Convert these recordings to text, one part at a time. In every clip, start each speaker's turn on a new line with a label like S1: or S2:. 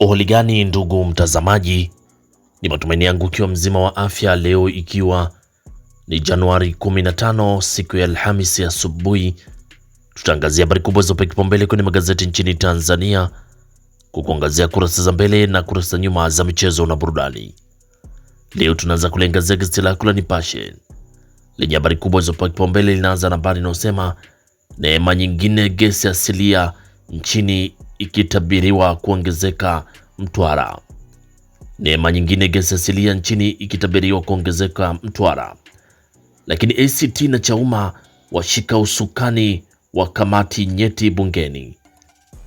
S1: Uhali gani ndugu mtazamaji, ni matumaini yangu ukiwa mzima wa afya. Leo ikiwa ni Januari 15 siku ya Alhamisi asubuhi, tutaangazia habari kubwa zopewa kipaumbele kwenye magazeti nchini Tanzania, kukuangazia kurasa za mbele na kurasa za nyuma za michezo na burudani. Leo tunaanza kuliangazia gazeti lako la Nipashe lenye habari kubwa zopewa kipaumbele, linaanza na habari inayosema neema nyingine gesi asilia nchini ikitabiriwa kuongezeka Mtwara. Neema nyingine gesi asilia nchini ikitabiriwa kuongezeka Mtwara. Lakini ACT na Chauma washika usukani wa kamati nyeti bungeni.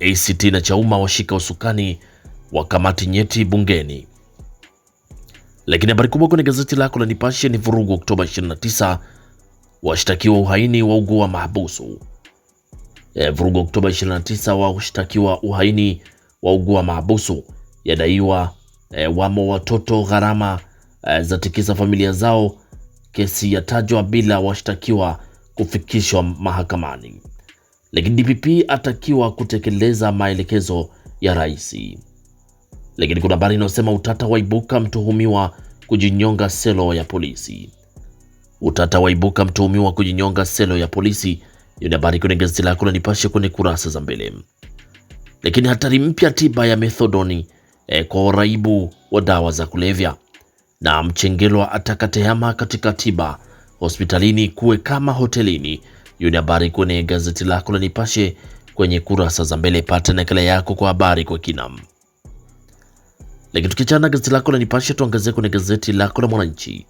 S1: ACT na Chauma washika usukani wa kamati nyeti bungeni. Lakini habari kubwa kwenye gazeti lako la Nipashe ni vurugu Oktoba 29, washtakiwa uhaini wa ugua mahabusu. E, vurugu Oktoba 29 wa kushtakiwa uhaini wa ugua mahabusu yadaiwa e, wamo watoto gharama e, za tikisa familia zao. Kesi yatajwa bila washtakiwa kufikishwa mahakamani, lakini DPP atakiwa kutekeleza maelekezo ya rais. Lakini kuna habari inayosema utata waibuka mtuhumiwa kujinyonga selo ya polisi. Utata waibuka mtuhumiwa kujinyonga selo ya polisi. Hiyo ni habari kwenye gazeti lako la Nipashe kwenye kurasa za mbele. Lakini hatari mpya tiba ya methodoni e, eh, kwa uraibu wa dawa za kulevya, na Mchengelwa ataka tehama katika tiba hospitalini kuwe kama hotelini. Hiyo ni habari kwenye gazeti lako la Nipashe kwenye kurasa za mbele. Pata nakala yako kwa habari kwa kina. Lakini tukichana gazeti lako la Nipashe, tuangazie kwenye gazeti lako la Mwananchi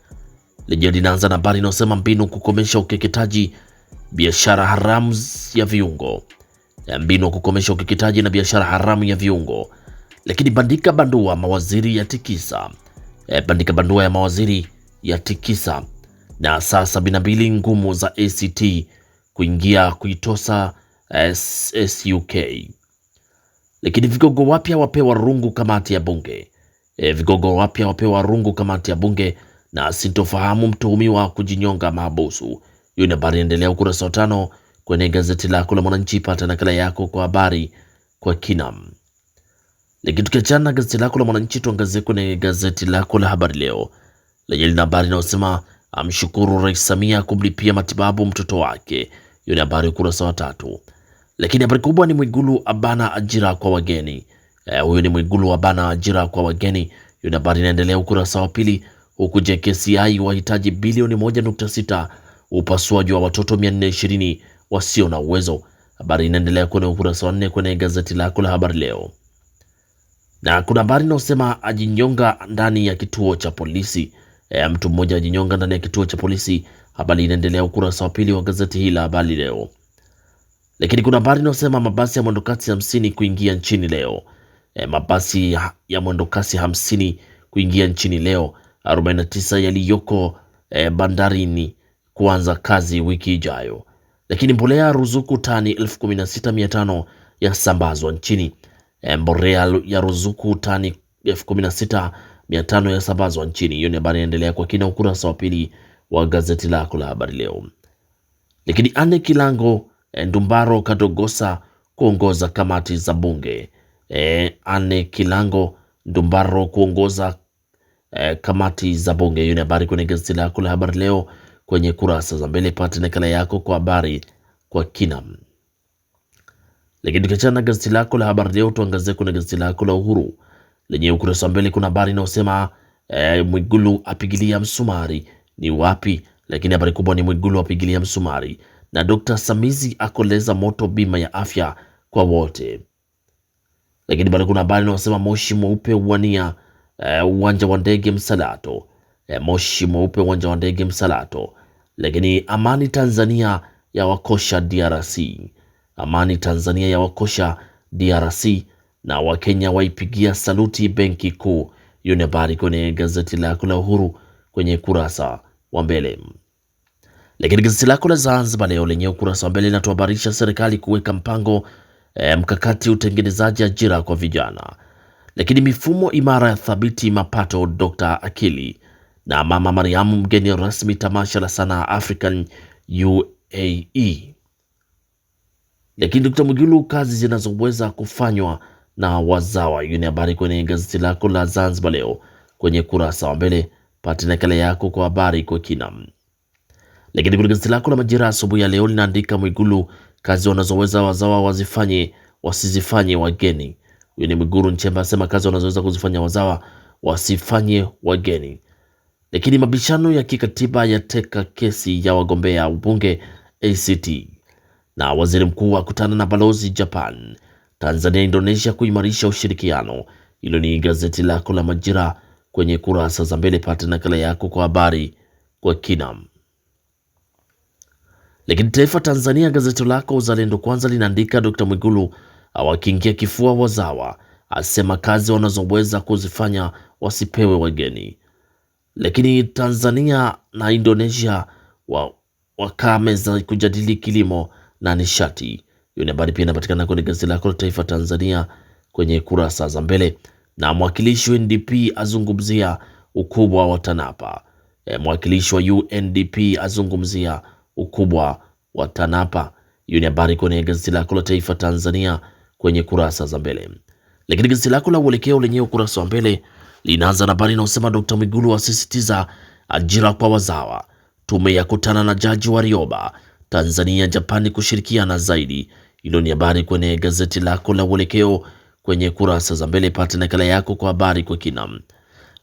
S1: lenyewe linaanza na habari inayosema mbinu kukomesha ukeketaji biashara haramu ya viungo na mbinu wa kukomesha ukeketaji na biashara haramu ya viungo. Lakini bandika bandua mawaziri ya tikisa e, bandika bandua ya mawaziri ya tikisa na saa sabini na mbili ngumu za ACT kuingia kuitosa eh, SUK. Lakini vigogo wapya wapewa rungu kamati ya bunge e, vigogo wapya wapewa rungu kamati ya bunge na sintofahamu mtuhumiwa kujinyonga mahabusu. Hiyo ni habari inaendelea ukurasa wa tano kwenye gazeti lako la Mwananchi. Pata nakala yako kwa habari kwa kina. Lakini tukiachana na gazeti lako la Mwananchi, tuangazie kwenye gazeti lako la Habari Leo lenye lina habari inayosema amshukuru Rais Samia kumlipia matibabu mtoto wake. Hiyo ni habari ukurasa wa tatu. Lakini habari kubwa ni Mwigulu abana ajira kwa wageni. Eh, Huyo ni Mwigulu abana ajira kwa wageni. Hiyo ni habari inaendelea ukurasa wa pili, huku JKCI wahitaji bilioni moja nukta 1.6 upasuaji wa watoto 420 wasio na uwezo. Habari inaendelea kwenye ukurasa wa nne kwenye gazeti lako la Habari Leo, na kuna habari inayosema ajinyonga ndani ya kituo cha polisi. E, mtu mmoja ajinyonga ndani ya kituo cha polisi. Habari inaendelea ukurasa wa pili wa gazeti hili la Habari Leo. Lakini kuna habari inayosema mabasi ya mwendokasi hamsini kuingia nchini leo. E, mabasi ya mwendokasi hamsini kuingia nchini leo, 49 yaliyoko e, bandarini kuanza kazi wiki ijayo. Lakini mbolea ruzuku tani 16500 yasambazwa nchini. E, mbolea ya ruzuku tani 16500 yasambazwa nchini. Hiyo ni habari inaendelea kwa kina ukurasa wa pili wa gazeti lako la habari leo. Lakini Anne Kilango e, Ndumbaro Kadogosa kuongoza kamati za bunge. E, Anne Kilango Ndumbaro kuongoza e, kamati za bunge. Hiyo ni habari kwenye gazeti lako la habari leo kwenye kurasa za mbele. Pata nakala yako kwa habari kwa kina. Lakini tukiachana na gazeti lako la Habari Leo, tuangazie kwenye gazeti lako la Uhuru lenye ukurasa wa mbele kuna habari inayosema eh, Mwigulu apigilia msumari ni wapi? Lakini habari kubwa ni Mwigulu apigilia msumari na Dr. Samizi akoleza moto bima ya afya kwa wote. Lakini bado kuna habari inayosema moshi mweupe uwania eh, uwanja eh, wa ndege Msalato eh, moshi mweupe uwanja wa ndege Msalato. Lakini amani Tanzania ya wakosha DRC, amani Tanzania ya wakosha DRC na Wakenya waipigia saluti benki kuu. Hiyo ni habari kwenye gazeti lako la Uhuru kwenye kurasa wa mbele. Lakini gazeti lako la Zanzibar Leo lenye ukurasa wa mbele linatuhabarisha serikali kuweka mpango e, mkakati utengenezaji ajira kwa vijana, lakini mifumo imara ya thabiti mapato, Dr Akili na Mama Mariamu, mgeni rasmi tamasha la sanaa African UAE. Lakini Dr. Mwigulu, kazi zinazoweza kufanywa na wazawa. Hiyo ni habari kwenye gazeti lako la Zanzibar Leo kwenye kurasa wa mbele, pata nakala yako kwa habari kwa kina. Lakini kwenye gazeti lako la Majira asubuhi ya leo linaandika Mwigulu, kazi wanazoweza wazawa wazifanye wasizifanye wageni. Huyo ni Mwigulu Nchemba asema kazi wanazoweza kuzifanya wazawa wasifanye wageni. Lakini mabishano ya kikatiba yateka kesi ya wagombea ubunge ACT, na waziri mkuu akutana na balozi Japan, Tanzania, Indonesia kuimarisha ushirikiano. Hilo ni gazeti lako la Majira kwenye kurasa za mbele. Pata nakala yako kwa habari kwa kina. Lakini Taifa Tanzania, gazeti lako Uzalendo Kwanza, linaandika Dr. Mwigulu awakiingia kifua wazawa, asema kazi wanazoweza kuzifanya wasipewe wageni. Lakini Tanzania na Indonesia wakaa meza kujadili kilimo na nishati. Hiyo ni habari pia inapatikana kwenye gazeti lako la Taifa Tanzania kwenye kurasa za mbele. Na mwakilishi wa NDP azungumzia ukubwa wa TANAPA. E, mwakilishi wa UNDP azungumzia ukubwa wa TANAPA. Hiyo ni habari kwenye gazeti lako la Taifa Tanzania kwenye kurasa za mbele. Lakini gazeti lako la Uelekeo lenyewe ukurasa wa mbele linaanza na habari inayosema Dr. Mwigulu asisitiza ajira kwa wazawa, tume ya kutana na jaji Warioba, Tanzania Japani kushirikiana zaidi. Hilo ni habari kwenye gazeti lako la Uelekeo kwenye kurasa za mbele. Pata nakala yako kwa habari kwa kina.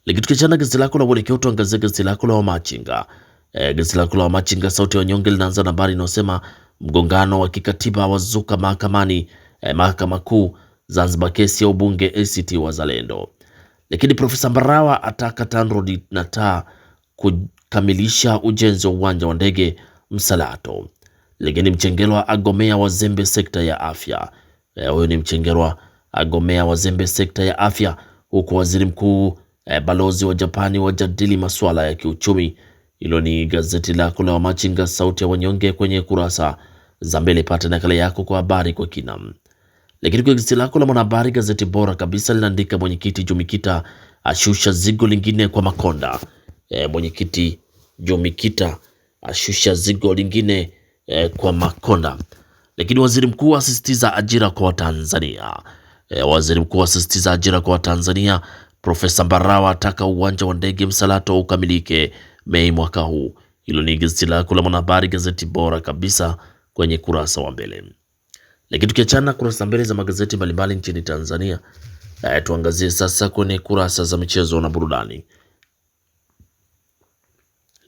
S1: Lakini tukichana gazeti lako la Uelekeo, tuangazie gazeti lako la Wamachinga. E, gazeti lako la Wamachinga sauti ya wanyonge linaanza na habari inayosema mgongano wa kikatiba wazuka mahakamani, e, mahakama kuu Zanzibar, kesi ya ubunge ACT Wazalendo. Lakini Profesa Mbarawa ataka TANROADS na TAA kukamilisha ujenzi wa uwanja wa ndege Msalato. Lakini Mchengerwa agomea wazembe sekta ya afya. Eh, huyu ni Mchengerwa agomea wazembe sekta ya afya, huku waziri mkuu e, balozi wa Japani wajadili masuala ya kiuchumi. Hilo ni gazeti lako wa machinga, sauti ya wanyonge, kwenye kurasa za mbele. Pata nakala yako kwa habari kwa kina. Lakini kwa gazeti lako la Mwanahabari, gazeti bora kabisa, linaandika mwenyekiti Jumikita ashusha zigo lingine kwa Makonda. E, mwenyekiti Jumikita ashusha zigo lingine e, kwa Makonda. Lakini waziri mkuu asisitiza ajira kwa Watanzania. E, waziri mkuu asisitiza ajira kwa Watanzania. Profesa Mbarawa ataka uwanja wa ndege Msalato ukamilike Mei mwaka huu. Hilo ni gazeti lako la Mwanahabari, gazeti bora kabisa kwenye kurasa wa mbele. Lakini tukiachana kurasa za mbele za magazeti mbalimbali nchini Tanzania, eh, tuangazie sasa kwenye kurasa za michezo na burudani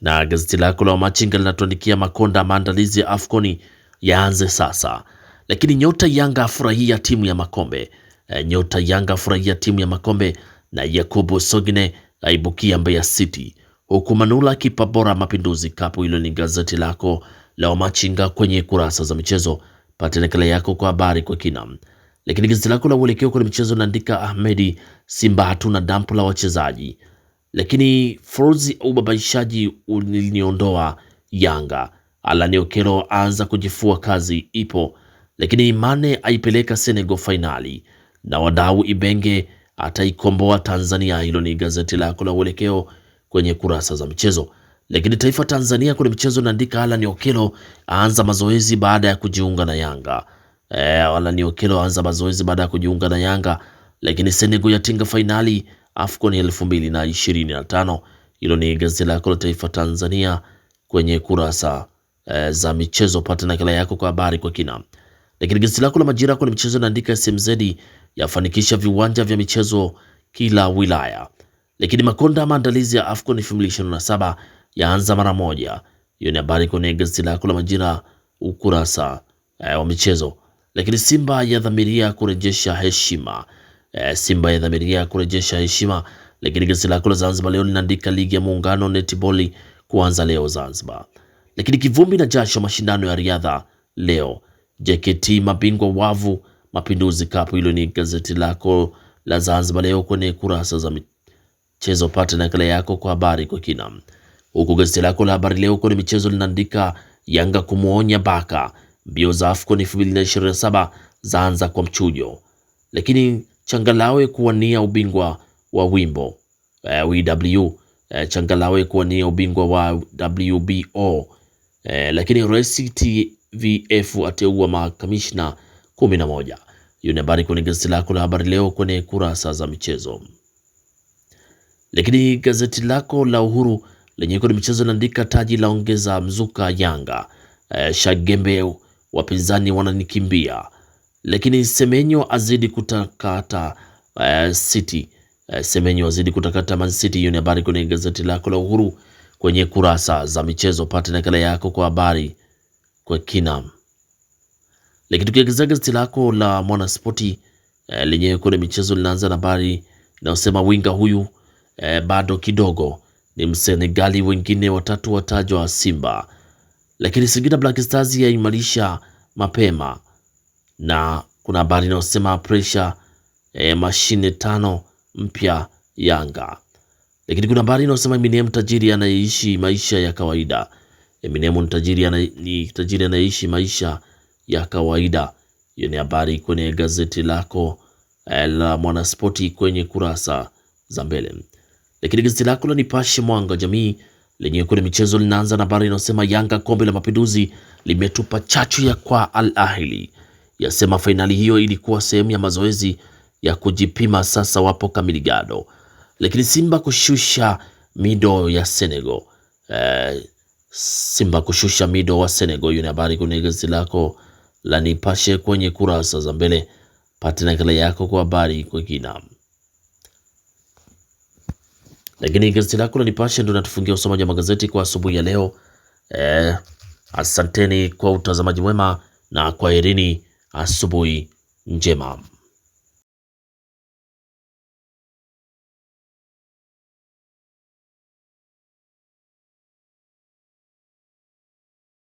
S1: na gazeti lako la Wamachinga linatuandikia Makonda, maandalizi ya Afconi yaanze sasa. Lakini nyota Yanga afurahia timu ya Makombe. E, nyota Yanga afurahia timu ya Makombe na Yakubu Sogne aibukia Mbeya City, huku Manula kipa bora Mapinduzi Kapu. Hilo ni gazeti lako la Wamachinga kwenye kurasa za michezo. Pata nakala yako kwa habari kwa kina. Lakini gazeti lako la Uelekeo kwenye michezo naandika Ahmedi, Simba hatuna dampu la wachezaji, lakini Forzi ubabaishaji uliniondoa Yanga, Alani Okelo aanza kujifua kazi ipo, lakini Mane aipeleka Senegal fainali na wadau Ibenge ataikomboa Tanzania. Hilo ni gazeti lako la Uelekeo kwenye kurasa za michezo. Lakini taifa Tanzania kwenye michezo naandika Alan Okelo aanza mazoezi baada ya kujiunga na Yanga. Eh, Alan Okelo aanza mazoezi baada ya kujiunga na Yanga. Lakini Senegal yatinga fainali AFCON 2025. mbili Hilo ni gazeti lako la taifa Tanzania kwenye kurasa e, za michezo. Pata nakala yako kwa habari kwa kina. Lakini gazeti lako la Majira kwenye michezo naandika SMZ yafanikisha viwanja vya michezo kila wilaya. Lakini Makonda maandalizi ya AFCON 2027 yaanza mara moja. Hiyo ni habari kwenye gazeti lako la Majira ukurasa e, wa michezo. Lakini Simba yadhamiria kurejesha heshima e, Simba yadhamiria kurejesha heshima. Lakini gazeti lako la Zanzibar leo linaandika ligi ya muungano netiboli kuanza leo Zanzibar. Lakini kivumbi na jasho mashindano ya riadha leo, JKT mabingwa wavu Mapinduzi Cup. Hilo ni gazeti lako la Zanzibar leo kwenye kurasa za michezo. Pata nakala yako kwa habari kwa kina huku gazeti lako la habari leo kwenye michezo linaandika Yanga kumwonya Baka, mbio za AFCON 2027 zaanza kwa mchujo, lakini changalawe kuwania ubingwa wa wimbo uh, eh, WW uh, eh, changalawe kuwania ubingwa wa WBO uh, eh, lakini rais TVF ateua makamishna 11. Hiyo ni habari kwenye gazeti lako la habari leo kwenye kurasa za michezo. Lakini gazeti lako la Uhuru lenye kodi michezo linaandika taji la ongeza mzuka Yanga. E, Shagembe wapinzani wananikimbia, lakini Semenyo azidi kutakata e, City. E, Semenyo azidi kutakata Man City. Hiyo ni habari kwenye gazeti lako la Uhuru kwenye kurasa za michezo, pate nakala yako kwa habari kwa kina. Lakini tukiagizia gazeti lako la Mwanaspoti e, lenye kwenye michezo linaanza na habari inayosema winga huyu e, bado kidogo ni Msenegali wengine watatu watajwa wa Simba, lakini Singida Black Stars yaimarisha mapema, na kuna habari inayosema pressure e, mashine tano mpya Yanga, lakini kuna habari inayosema Eminem tajiri anayeishi maisha ya kawaida. Eminem ni tajiri anayeishi maisha ya kawaida. Hiyo ni habari kwenye gazeti lako eh, la Mwanaspoti kwenye kurasa za mbele. Lakini gazeti lako la Nipashe Mwanga Jamii lenye kuna michezo linaanza na habari inayosema Yanga kombe la mapinduzi limetupa chachu ya kwa Al Ahli, yasema fainali hiyo ilikuwa sehemu ya mazoezi ya kujipima, sasa wapo kamili gado. Lakini Simba kushusha mido ya Senegal e, Simba kushusha mido wa Senegal. Hiyo ni habari kwenye gazeti lako la Nipashe kwenye kurasa za mbele. Pata nakala yako kwa habari kwa kinam lakini gazeti lako la Nipashe ndio natufungia usomaji wa magazeti kwa asubuhi ya leo. Eh, asanteni kwa utazamaji mwema na kwaherini, asubuhi njema.